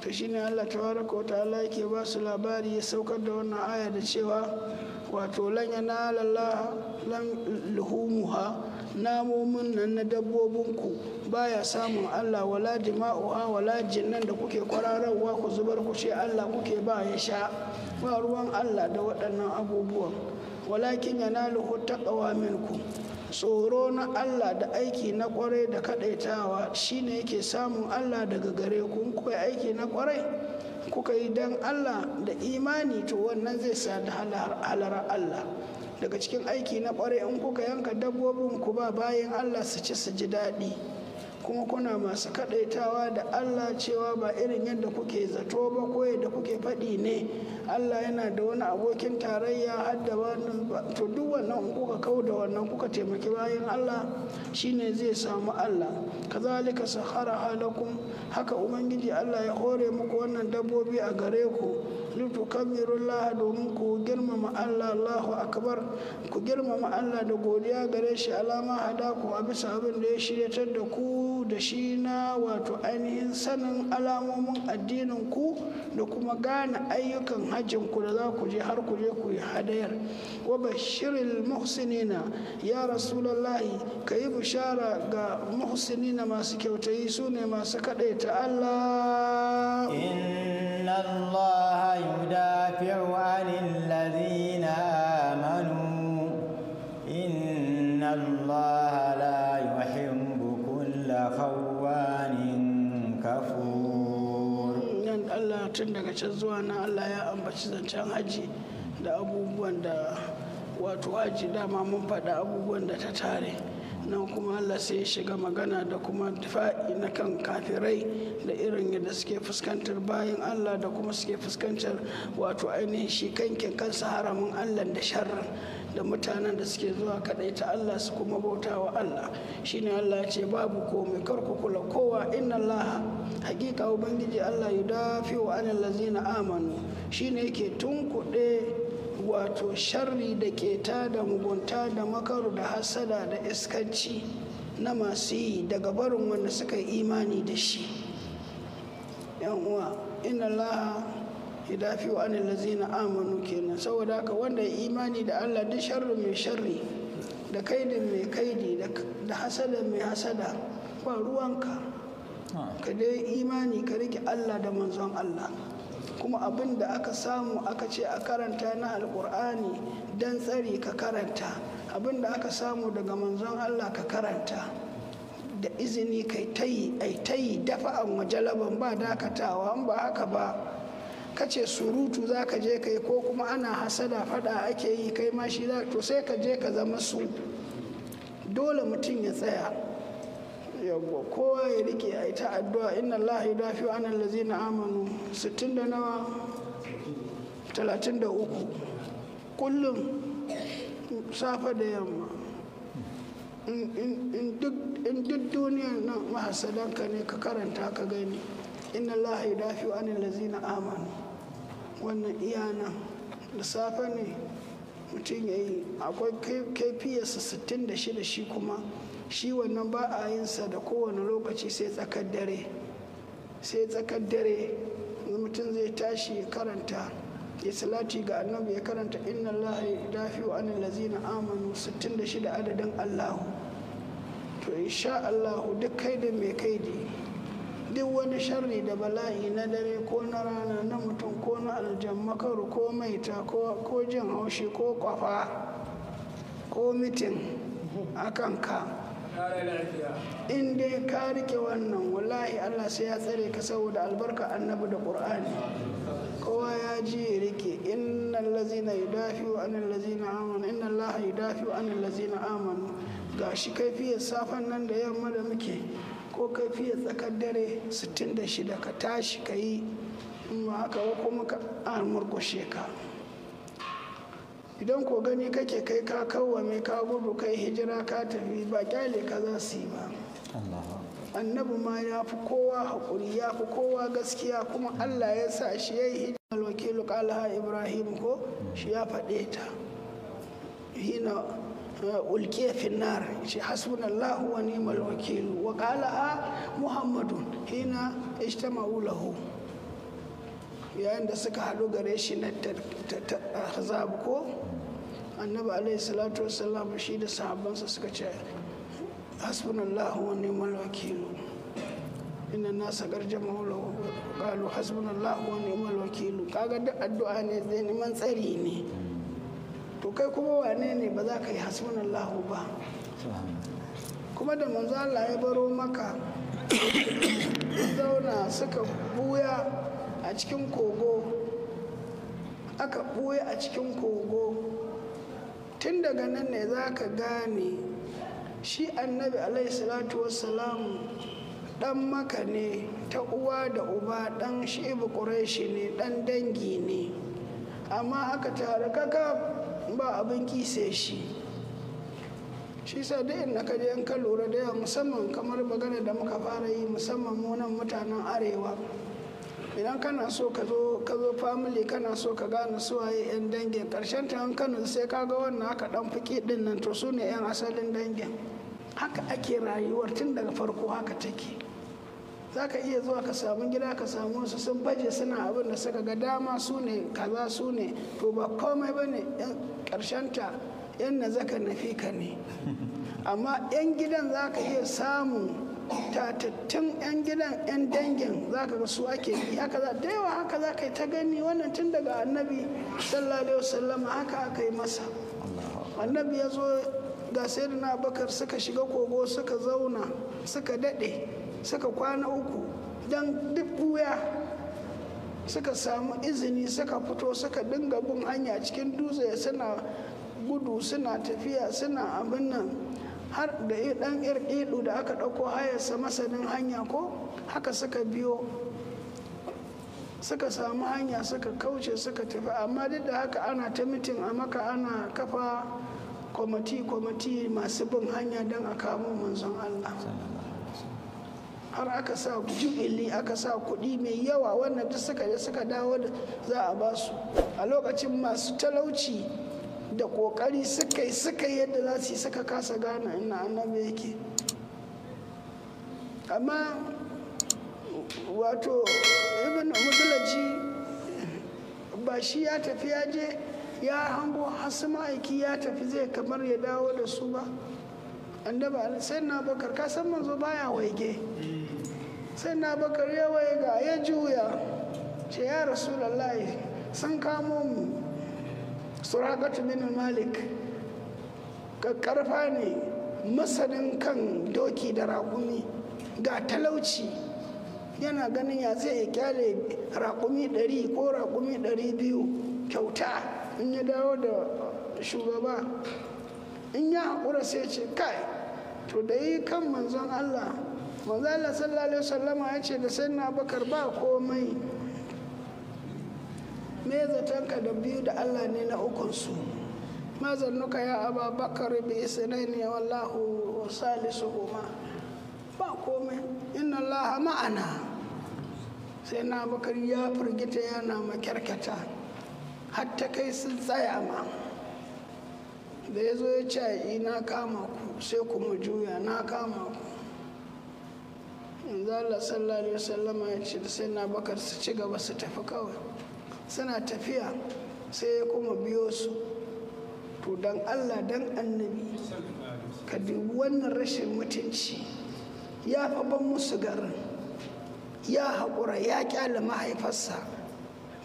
to shine allah ta ala yake ba su labari ya saukar da wannan aya da cewa wato lan yanala lan luhumuha namomin nan na dabbobinku baya samun allah wala dima'uha wala jinnan da kuke kwarararwa ku zubar ku ce allah kuke ba ya sha ba ruwan allah da waɗannan abubuwan walakin yana taqwa minkum tsoro na Allah da aiki na kwarai da kaɗaitawa shine yake samun Allah daga gare ku kai aiki na kwarai kuka yi don Allah da imani to wannan zai sa da halar Allah daga cikin aiki na kwarai in kuka yanka dabbobin ku ba bayan Allah su ci su ji daɗi kuma kuna masu kaɗaitawa da Allah cewa ba irin yadda kuke zato ba ko yadda kuke faɗi ne Allah yana da wani abokin tarayya har da wannan to duk wannan kuka kau da wannan kuka taimaki bayan Allah shine zai samu Allah kazalika sahara halakum haka ubangiji Allah ya hore muku wannan dabbobi a gare ku litukabbiru domin ku girmama Allah Allahu akbar ku girmama Allah da godiya gare shi alama hadaku a bisa abin da ya shiryatar da ku da shi na wato ainihin sanin alamomin addinin ku da kuma gane ayyukan hajjin ku da za ku je har ku je ku yi hadayar wa bashirul muhsinina ya rasulullahi kayi bishara ga muhsinina masu kyautayi sune masu kadaita Allah Allah يدافع lazina الذين آمنوا إن الله لا يحب كل خوان كفور nan Allah tun daga can zuwa na Allah ya ambaci zancen haji da abubuwan da wato haji dama mun faɗa abubuwan da ta tare nan kuma Allah sai shiga magana da kuma difa'i na kan kafirai da irin yadda suke fuskantar bayan Allah da kuma suke fuskantar wato ainihin shi kankin kansa haramin Allah da sharrin da mutanen da suke zuwa kaɗai ta Allah su kuma bauta wa Allah ne Allah ce babu komai kar ku kula kowa inna Allah hakika ubangiji Allah yudafi wa anil lazina amanu shine yake tunkuɗe wato sharri da ƙeta da mugunta da makaru da hasada da iskanci na masu yi daga barin wanda suka imani da shi uwa inna laha dafi wa anil lazina amanu kenan saboda haka wanda ya imani da allah duk sharri mai sharri da kaidin mai kaidi da hasada mai hasada ba ruwanka ah. ka dai imani ka rike allah da manzon allah kuma abin da aka samu aka ce a karanta na alkur'ani don tsari ka karanta abin da aka samu daga manzon allah ka karanta da izini kai yi ai yi, dafa a majalaban ba dakatawa ba haka ba Ka ce surutu za ka je kai ko kuma ana hasada fada ake yi kai ma shi to sai ka je ka zama su dole mutum ya tsaya yawwa kowa ya rike a ita addu'a inna Allah ya dafi wa anan lazina amanu 60 da nawa 33 kullum safa da yamma in duk duniya na mahasadanka ne ka karanta ka gani inna Allah ya dafi wa anan lazina amanu wannan iyana da safe ne mutum ya yi akwai kfs 66 shi kuma shi wannan ba a yin sa da kowane lokaci sai tsakar dare sai tsakar dare mutum zai tashi ya karanta ya salati ga annabi ya karanta inna dafi wa anil lazina amanu 66 adadin allahu to insha allahu duk kaidin mai kaidi duk wani sharri da bala'i na dare ko na rana na mutum ko na aljan ko maita ko jin haushi ko kwafa ko mitin akan ka in dai ka rike wannan wallahi Allah sai ya tsare ka saboda albarka annabi da qur'ani kowa ya ji ya rike innal ladzina yudafiu anil ladzina amanu inna Allah yudafiu anil ladzina amanu gashi fiye safan nan da yamma da muke ko kai fiye tsakar dare 66 ka tashi ka yi in ma haka ko muka murkushe ka idan ko gani kake kai ka kawwame ka gudu kai hijira ka tafi ba kyale ka za su yi ba annabi ma ya fi kowa haƙuri ya fi kowa gaskiya kuma allah ya sa shi ya yi hijirar wakilu ƙalaha ibrahim ko shi ya faɗe ta hina ulke finnar shi hasbunallahu wa ni'mal wakilu wa ƙalaha muhammadun hina ijtama'u lahu yayin da suka haɗu gare shi na ahzab ko annabi alaihi salatu wasallam shi da sahabbansa suka ce hasbunallahu wa ni'mal wakilu inna nasa garjama wa qalu hasbunallahu wa ni'mal wakilu kaga duk addu'a ne zai neman tsari ne to kai kuma wane ne ba za ka yi hasbunallahu ba kuma da manzo Allah ya baro maka zauna suka buya a cikin kogo aka buya a cikin kogo tun daga nan ne za ka gane shi annabi alaihissalatu wassalam ɗan maka ne ta uwa da uba ɗan shebu ƙureshi ne ɗan dangi ne amma aka tare kaka ba abin kise shi shi sa da na ka je ka lura da yawa musamman kamar magana da muka fara yi musamman munan mutanen arewa idan kana so ka zo ka zo family kana so ka gane su waye yan dangin karshen ta an kano sai ka ga wannan aka dan fiki din nan to su ne yan asalin dangin haka ake rayuwar tun daga farko haka take za ka iya zuwa ka samu gida ka samu su sun baje suna abin da suka ga dama su ne kaza su ne to ba komai ba ne 'yan karshen ta yan na zaka nafi ka ne amma yan gidan za ka iya samu. tatattun 'yan gidan 'yan dangin za ka ga su ake bi haka za da yawa aka za ka yi ta gani wannan tun daga annabi sallallahu alaihi wasallam haka aka yi masa annabi ya zo ga na bakar suka shiga kogo suka zauna suka daɗe suka kwana uku don duk wuya suka samu izini suka fito suka dinga bin hanya cikin dutse suna gudu suna tafiya suna abin nan har da ɗan yar da aka ɗauko hayarsa masanin hanya ko haka suka biyo suka samu hanya suka kauce suka tafi amma duk da haka ana ta mitin a maka ana kafa kwamati-kwamati masu bin hanya don a kamo manzon Allah har aka sa jubili aka sa kuɗi mai yawa wannan duk suka suka dawo da za a basu a lokacin masu talauci da kokari suka yi suka yadda za su yi suka kasa gane ina annabi yake amma wato ibn mutulaci ba shi ya tafi ya je ya hango hasu ma'aiki ya tafi zai kamar ya dawo da su ba ba sai na bakar kasan manzo baya waige sai na bakar ya waiga ya juya ce ya rasu lallai sun kamo mu surakatu bin malik ka karfa ne masanin kan doki da raƙumi ga talauci yana ganin ya zai kyale raƙumi ɗari ko rakumi ɗari biyu kyauta in ya dawo da shugaba in ya haƙura sai ce kai to da yi kan manzon allah manzon allah sallallahu alaihi wasallama ya ce da sai na bakar ba komai me zatonka da biyu da Allah ne na ukunsu ma zannuka ya aba bakar bi isnai ne wallahu salisuhuma ba komai inna Allah ma'ana sai na bakar ya firgita yana makyarkata hatta kai sun tsaya ma da ya zo ya ce na kama ku sai kuma juya na kama ku manzo Allah sallallahu alaihi wasallama ya ce sai na bakar su ci gaba su tafi kawai suna tafiya sai ya kuma biyo su to don allah don annabi ka dubi wannan rashin mutunci ya faban musu garin ya haƙura ya ƙyale mahaifarsa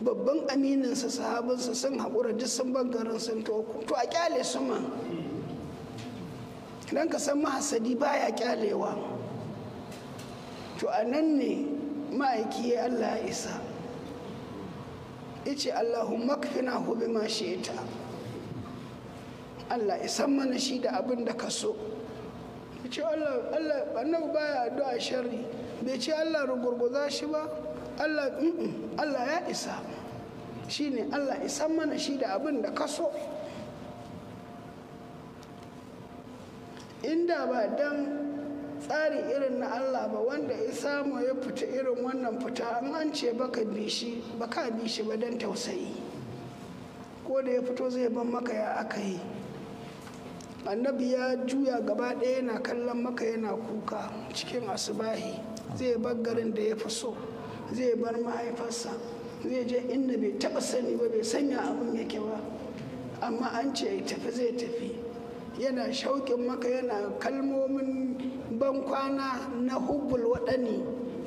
babban amininsa sahabinsa sun haƙura duk sun ban garin sun toku to a ƙyale su ma don ka san mahasadi baya ƙyalewa to a nan ne ma'aiki ya allah ya isa ice allahumma kfina ma shi shi'ta Allah isan mana shi da abin da ka so ce Allah Allah annabu baya addu'a sharri bai ce Allah rugurguza shi ba Allah Allah ya isa shine Allah isan mana shi da abin da ka so inda ba dan tsari irin na Allah ba wanda ya samu ya fita irin wannan fita an an ce baka bi shi baka bi shi ba dan tausayi ko da ya fito zai ban maka ya aka yi annabi ya juya gaba ɗaya yana kallon maka yana kuka cikin asubahi zai bar garin da ya fi so zai bar mahaifarsa zai je inda bai taɓa sani ba bai sanya abin yake ba amma an ce ya tafi zai tafi yana shauƙin maka yana kalmomin ban kwana na hubbul waɗani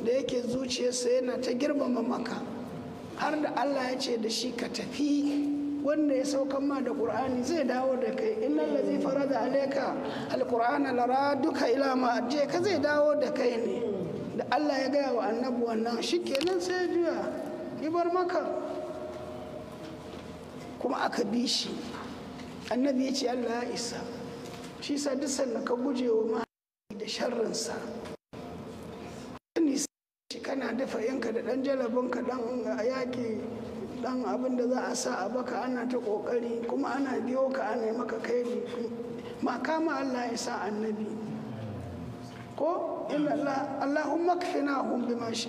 da yake zuciyarsa yana ta girmama maka har da allah ya ce da shi ka tafi wanda ya sauka ma da ƙur'ani zai dawo da kai fara da alaika alƙur'ana lara duka ila ma ka zai dawo da kai ne da allah ya gaya wa annabi wannan shikenan sai juya ibar maka kuma aka bi shi annabi ya ce allah ya isa shi sa duk sannan ka guje wa da sharrinsa kana dafa yanka da ɗan jalabinka a yaƙi ɗan abin da za a sa a baka ana ta ƙoƙari kuma ana biyo ka ana maka kairi ma kama Allah ya sa annabi ko illallah Allahumma kfinahum bima shi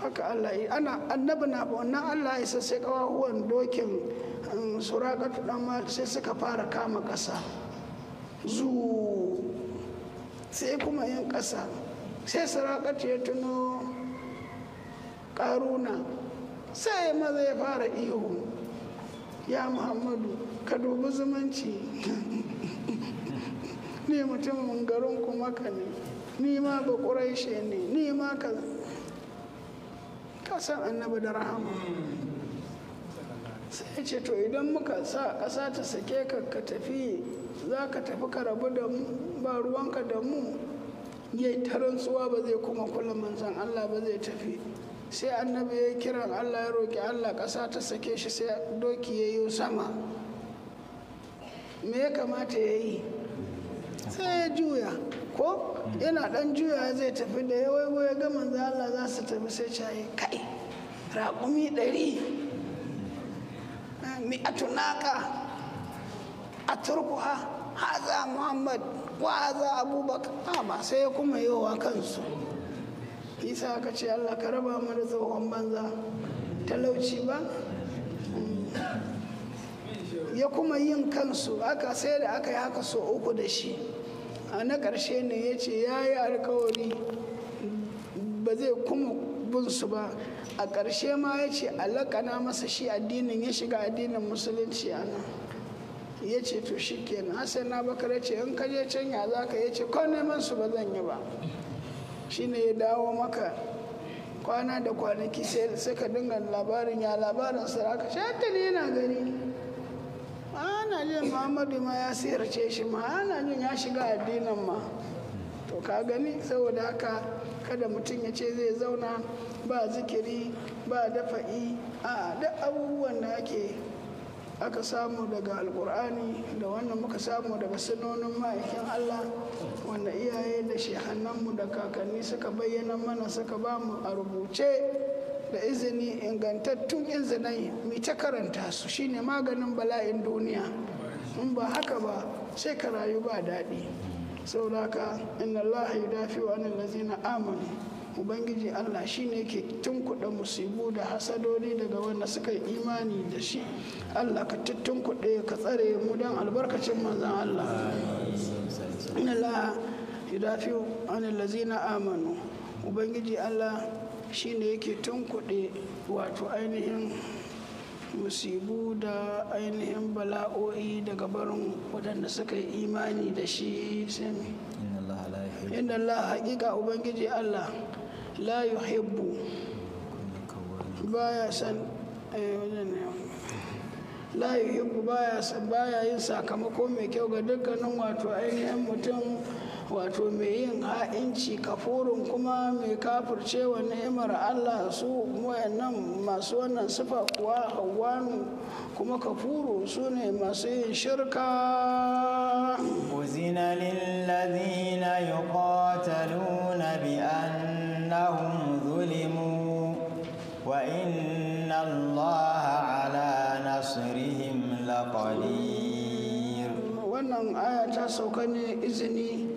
haka Allah yi ana annabi na ba wannan Allah ya sa sai kawahuwan dokin um, suraƙatu ɗan sai suka fara kama ƙasa zu sai kuma yan ƙasa sai sarakatu ya tuno ƙaruna sai maza ya fara ihu ya muhammadu ka dubi zumunci <laughs> ni mutumin garin kuma ka ne ni ma ba ƙuraishe ne ni ma ka kasan annabi da rahama sai ce to idan muka sa ƙasa ta sake ka ka tafi za ka tafi ka rabu da mu ba ruwanka da mu ya yi tarantsuwa ba zai kuma kula manzan Allah ba zai tafi sai annabi ya kira kiran Allah ya roƙi Allah ƙasa ta sake shi sai doki ya yi sama me ya kamata ya yi sai ya juya ko yana ɗan juya zai tafi da ya waigo ya ga manzan Allah za su tafi sai caye kai raƙumi ɗari a tunaka. a turkuwa. haza muhammad wa haza abubakar ba sai ya kuma yi wa kansu isa ka ce allah ka raba mu da tsohon banza talauci ba mm. ya kuma yin kansu aka sai da aka yi haka so uku da shi a na ƙarshe ne ya ce ya yi alkawari ba zai kuma bunsu ba a ƙarshe ma ya ce alaƙana masa shi addinin ya shiga addinin musulunci a nan ya ce to shi kenan hassan na bakar ya ce in ka je can ya za ka ya ce ko neman su ba zan yi ba Shi ne ya dawo maka kwana da kwanaki sai suka dinga labarin ya labarin saraka ne yana gani ana jin muhammadu ma ya sayarce shi ma ana jin ya shiga addinin ma to ka gani saboda haka kada mutum ya ce zai zauna ba zikiri ba dafa'i a duk abubuwan da ake aka samu daga alkur'ani da wannan muka samu daga sunonin ma'aikin allah wanda iyaye da shehannanmu da kakanni suka bayyana mana suka ba mu a rubuce da izini ingantattun izinai mai ta karanta su shine maganin bala'in duniya in ba haka ba sai ka rayu ba daɗi saboda haka inna allaha yudafi wa anil la'zina, amanu ubangiji allah shine ke tunkuɗa musibu da hasadodi daga wanda suka yi imani da shi allah ka tunkuɗe ka tsare mu don albarkacin manzan allah allah yudafi anil lazina amanu ubangiji allah shine yake tunkuɗe wato ainihin musibu da ainihin bala'o'i daga barin waɗanda suka yi imani da shi sami inda allah haƙiƙa ubangiji allah la yuhibbu baya san eh, la yuhibbu baya ya yin sakamako mai kyau ga dukkanin wato ainihin mutum wato mai yin ha'inci kafurin kuma mai kafur cewa ni'imar Allah su wayannan masu wannan sifa kuwa hawanu kuma kafuru su ne masu yin shirka uzina lillazina yuqatalun وإن الله على نصرهم لقدير wannan aya ta sauka ne izini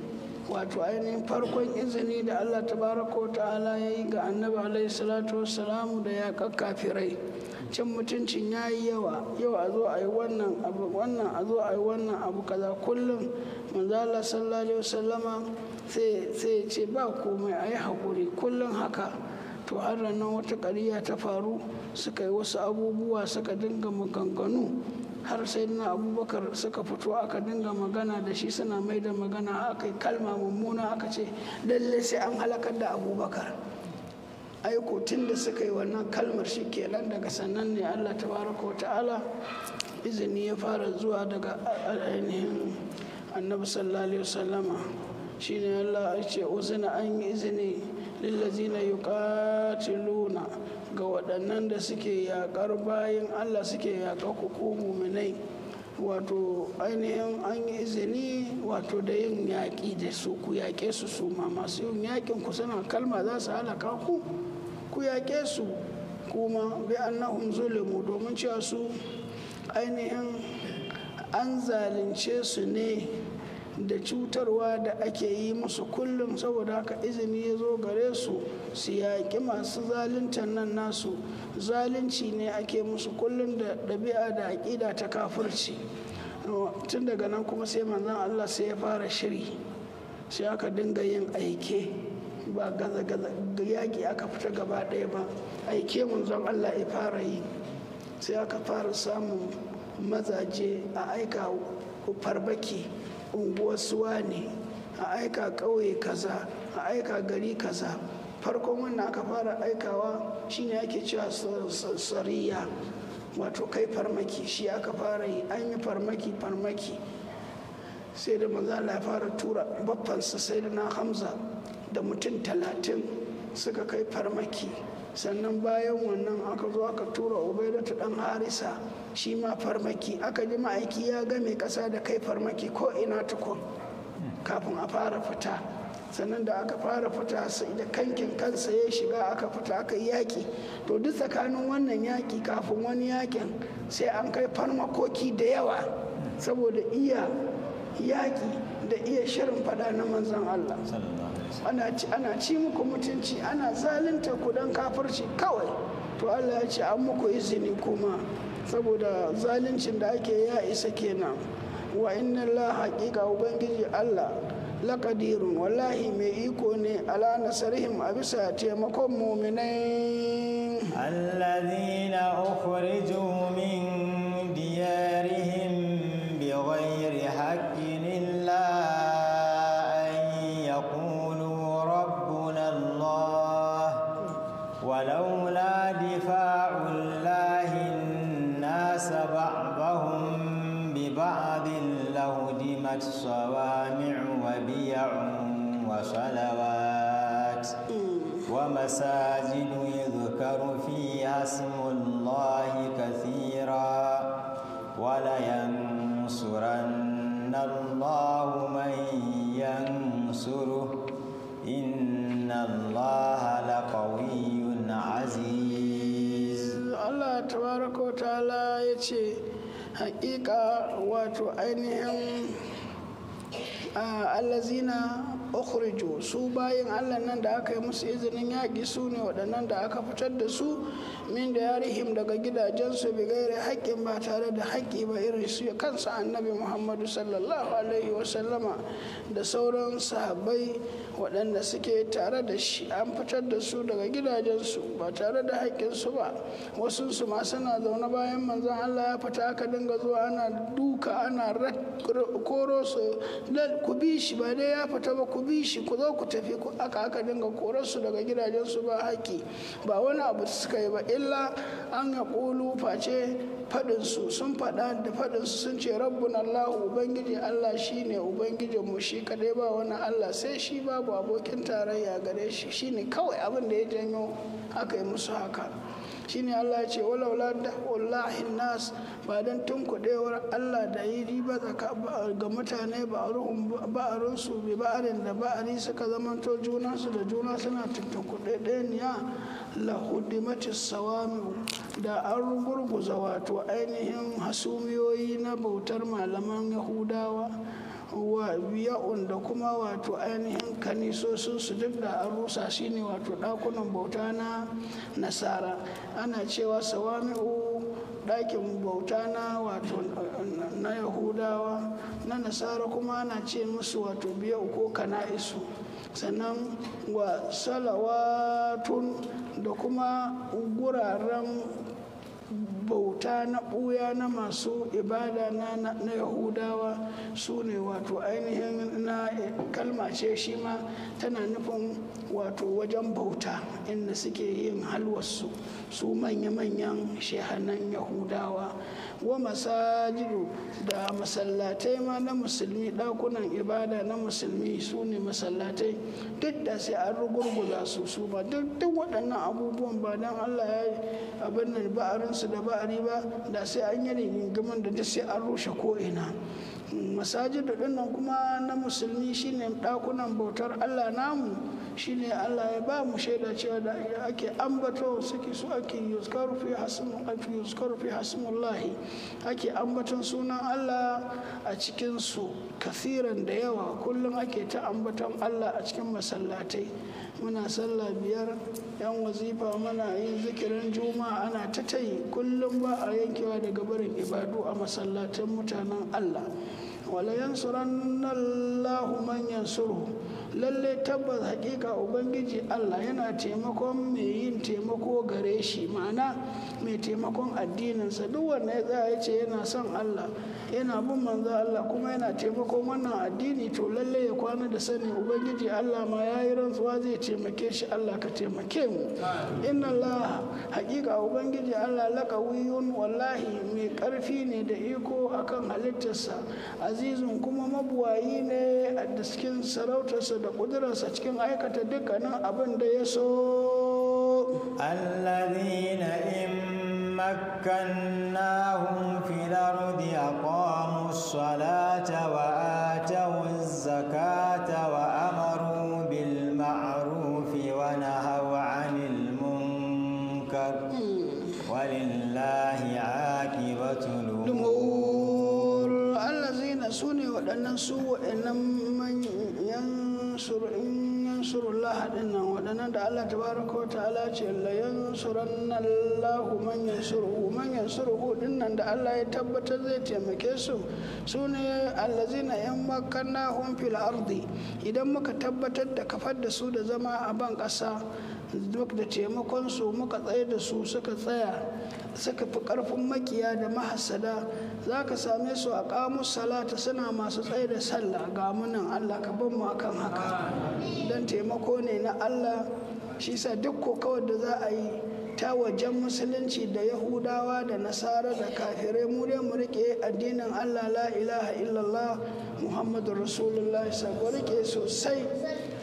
wato ainihin farkon izini da Allah tabaraka ta'ala ya yi ga annabi alaihi salatu wassalamu da ya kakkafirai cin mutuncin ya yi yawa yau a zo a yi wannan abu wannan a zo a yi wannan abu kaza kullum manzala sallallahu alaihi wasallama sai ce ba komai a yi haƙuri kullum haka to an ranar wata ƙarya ta faru suka yi wasu abubuwa suka dinga maganganu har sai na abubakar suka fito aka dinga magana da shi suna mai da magana aka yi kalma mummuna aka ce lalle sai an halakar da abubakar aiko tun da suka yi wannan kalmar shi kenan daga sannan ne allah ta wa ta'ala izini ya fara zuwa daga ainihin annabi sallallahu alaihi wasallama shine allah ya ce uzina an yi izini lillazina yuqatiluna ga waɗannan da suke yaƙar bayan Allah suke yaƙa ku muminai wato ainihin an yi izini wato da yin yaƙi da su ku yaƙe su su ma masu yin yaƙin ku suna kalma za su halaka ku ku yaƙe su kuma bi annahum mu domin cewa su ainihin an zalunce su ne da cutarwa da ake yi musu kullum saboda haka izini ya zo gare su su yaƙi masu zaluntar nan nasu zalunci ne ake musu kullum da ɗabi'a da aƙida ta kafirci tun daga nan kuma sai manzan Allah sai ya fara shiri sai aka dinga yin aike ba gaza gaza yaƙi aka fita gaba ɗaya ba aike manzan Allah ya fara yi sai aka fara samun mazaje a aika farbaki unguwar ne a aika ƙauye kaza a aika gari kaza farkon wannan aka fara aikawa shine ake cewa sarsariya wato kai farmaki shi aka fara yi an yi farmaki farmaki sai da maza ya fara tura baffansa sai da na hamza da mutum talatin suka kai farmaki sannan bayan wannan aka zo aka tura ubaidatu dan harisa shi ma farmaki aka ji ma'aiki ya ga mai kasa da kai farmaki ko ina tukun kafin a fara fita sannan da aka fara fita sai da kankin kansa ya shiga aka fita aka yi yaƙi to duk tsakanin wannan yaƙi kafin wani yaƙin sai an kai farmakoki da yawa saboda iya yaƙi da iya shirin fada na manzan Allah ana ci muku mutunci ana zalunta ku don kafirci kawai to allah ya ce an muku izini kuma saboda zaluncin da ake ya isa kenan wa inna la haƙiƙa ubangiji allah laƙadirun wallahi mai iko ne ala nasarihim a bisa taimakon muminai allazina ukhriju min ومساجد يذكر فيها اسم الله كثيرا ولينصرن الله من ينصره إن الله لقوي عزيز الله تبارك وتعالى يتي حقيقة واتو أينهم آه، الذين ukhriju su bayan allah nan da aka yi musu izinin yaƙi su ne waɗannan da aka fitar da su min da yarihim daga gidajensu bi gaire haƙƙin ba tare da haƙƙi ba irin su ya kansa annabi muhammadu sallallahu alaihi wasallama da sauran sahabbai waɗanda suke tare da shi an fitar da su daga gidajensu ba tare da haƙƙinsu ba wasu su ma suna zaune bayan manzon allah ya fita aka dinga zuwa ana duka ana koro su ku bi shi ba dai ya fita ba ku ku bi shi ku zo ku tafi ku aka aka dinga su daga gidajen su ba haƙƙi ba wani abu suka yi ba illa an ya kulu face faɗinsu sun faɗa da su sun ce rabbun allah ubangiji allah shine ubangijin ubangijinmu shi kaɗai ba wani allah sai shi babu abokin tarayya gare shi shine kawai abin da ya janyo aka yi musu haka shine Allah ya ce Wala da wallahi nas ba dan tunkudewar Allah da yi riba ga mutane ba ruhun ba rusu bi ba'arin da ba'ari suka zamanto juna su da juna suna tuntukude ɗaniya la hudimatis sawami da an gurguza wato ainihin hasumiyoyi na bautar malaman Yahudawa wiya'un da kuma wato ainihin kanisosin su duk da an rusa shi ne wato ɗakunan bauta na nasara ana cewa sawami'u ɗakin bauta na wato na yahudawa na nasara kuma ana ce musu wato biyau ko kana'isu sannan wa salawatun da kuma guraren bauta na ɓuya na masu ibada na yahudawa su ne wato ainihin na eh, kalma ce shi ma tana nufin wato wajen bauta inda suke yin halwarsu su manya-manyan shehanan yahudawa wa masajidu da masallatai ma na musulmi ɗakunan ibada na musulmi su ne masallatai duk da sai an rugurguza su su ba duk waɗannan abubuwan ba don allah ya yi abin da ba'arinsu da ba ƙari ba da sai an yi rigingimin da duk sai an rushe ko'ina masajid da nan kuma na musulmi shine ɗakunan bautar allah namu shine Allah ya ba mu shaida cewa da ake ambato suke su ake yuskaru fi hasmu ake yuskaru fi hasmullahi ake ambaton sunan Allah a cikin su kasiran da yawa kullum ake ta ambaton Allah a cikin masallatai muna sallah biyar yan wazifa muna yin zikirin juma'a ana ta tayi kullum ba a yankewa daga barin ibadu a masallatan mutanen Allah wala yansuranna Allahu man yansuru lalle tabbas hakika ubangiji allah yana taimakon mai yin taimako gare shi ma'ana mai taimakon addininsa duk wanda ya tsaya ya ce yana son Allah yana bin manzo Allah kuma yana taimako wannan addini to lalle ya kwana da sani ubangiji Allah ma ya yi rantsuwa zai taimake shi Allah ka taimake mu inna Allah haƙiƙa ubangiji Allah laqawiyun wallahi mai ƙarfi ne da iko akan halittarsa azizun kuma mabuwayi ne a cikin sarautarsa da ƙudurarsa cikin aikata dukkanin abin da ya so الذين إن مكناهم في الأرض أقاموا الصلاة وآتوا الزكاة وأمروا بالمعروف ونهوا عن المنكر ولله عاقبة الأمور الذين سنوا لأن سوء من ينصر إن yansurullah din nan waɗannan da Allah tabaraka wa ta'ala ce la yansuranna Allahu man yansuruhu man yansuruhu din nan da Allah ya tabbatar zai taimake su sune allazina in makkannahum fil ardi idan muka tabbatar da kafar da su da zama a ban ƙasa duk da taimakon su muka tsaye da su suka tsaya suka fi ƙarfin makiya da mahasada za ka same su a ƙamus salata suna masu tsaye da sallah ga munan allah ka ban mu akan haka don taimako ne na allah shi sa duk kokawar da za a yi Ta wajen musulunci da yahudawa da nasara da kafirai mu dai mu rike addinin allah la ilaha illallah muhammadu rasulullah sabo rike sosai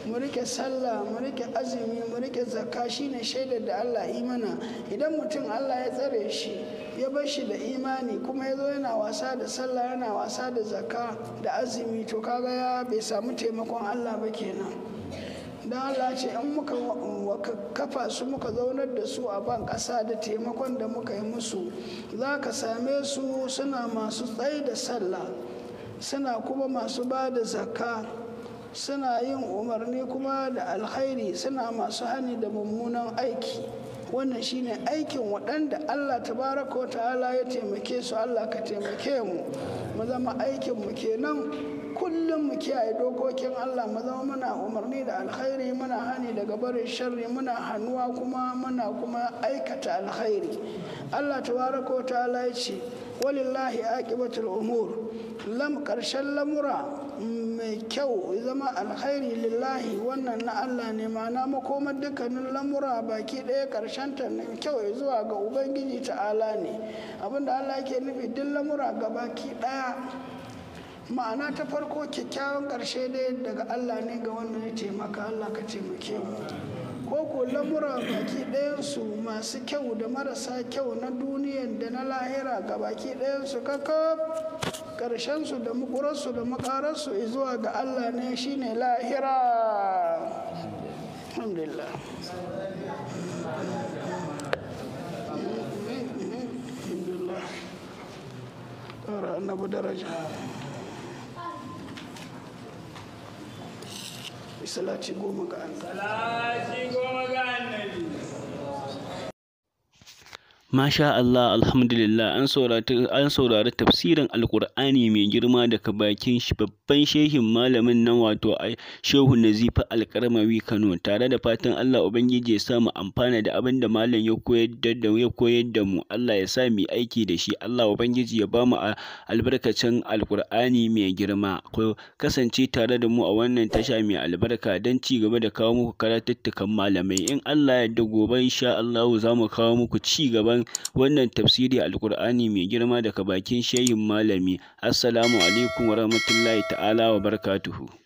mu rike sallah mu rike azumi mu rike zakka shine shaidar da allah imana idan mutum allah ya tsare shi ya bar shi da imani kuma ya zo yana wasa da sallah yana wasa da zakka da azumi to kaga ya bai samu taimakon allah ba kenan don Allah ce in muka kafa su muka zaunar da su a ban ƙasa da taimakon da muka yi musu za ka same su suna masu tsaye da sallah suna kuma masu ba da zakka suna yin umarni kuma da alkhairi suna masu hani da mummunan aiki wannan shine aikin waɗanda Allah tabaraka wa ta'ala ya taimake su Allah ka taimake mu mu zama aikin mu kenan kullum mu kiyaye dokokin Allah mu zama muna umarni da alkhairi muna hani daga barin sharri muna hannuwa kuma muna kuma aikata alkhairi Allah tabaraka wa ta'ala ya ce walillahi aqibatul umur lam karshen lamura mai kyau zama alkhairi lillahi wannan na Allah ne ma'ana makomar dukkanin lamura baki ɗaya karshen ta kyau zuwa ga ubangiji ta'ala ne abinda Allah yake nufi duk lamura ga baki ɗaya ma'ana ta farko kyakkyawan ƙarshe dai daga Allah ne ga wannan ya taimaka Allah ka taimake mu ko ko lamura baki ɗayansu masu kyau da marasa kyau na duniyan da na lahira ga baki ɗayansu kakaf ƙarshensu da mukurarsu da makararsu zuwa ga Allah ne shine lahira alhamdulillah alhamdulillah daraja salati goma ga annabi salati goma ga annabi Masha Allah, alhamdulillah, an saurari tafsirin Alƙur'ani mai girma daga bakin babban shehin malamin nan wato Shehu nazifa Alƙarmawi Kano, tare da fatan Allah Ubangiji ya sa amfana da abin da malam ya koyar da ya koyar da mu, Allah ya sa mu aiki da shi, Allah Ubangiji ya ba mu albarkacin Alƙur'ani mai girma. Ku kasance tare da mu a wannan tasha mai albarka don ci gaba da kawo muku karatuttukan malamai. In Allah ya da gobe insha Allah za mu kawo muku ci gaban kan wannan tafsiri alkur'ani mai girma daga bakin shehin malami assalamu alaikum warahmatullahi ta'ala wa barakatuhu